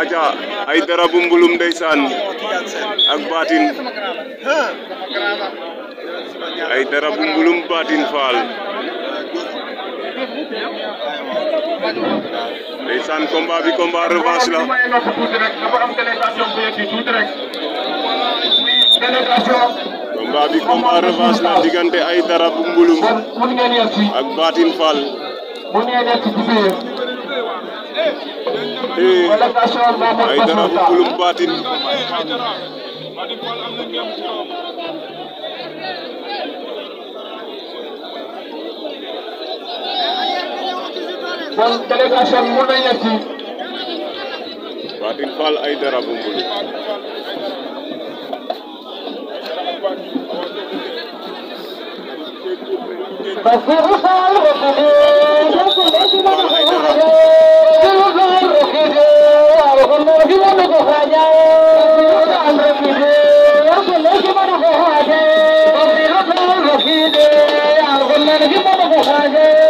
aja ay dara bu mbulum ndaysan ak batin ay dara bu mbulum batin faal ndaysan combat bi combat revanche la combat bi combat revanche la digante ay dara bu mbulum ak batin faal ay dara ulum baatin kon délégation mun nañ la ci baatin faal ay dara bu mbulu Basiru faal wa vamos, vamos, vamos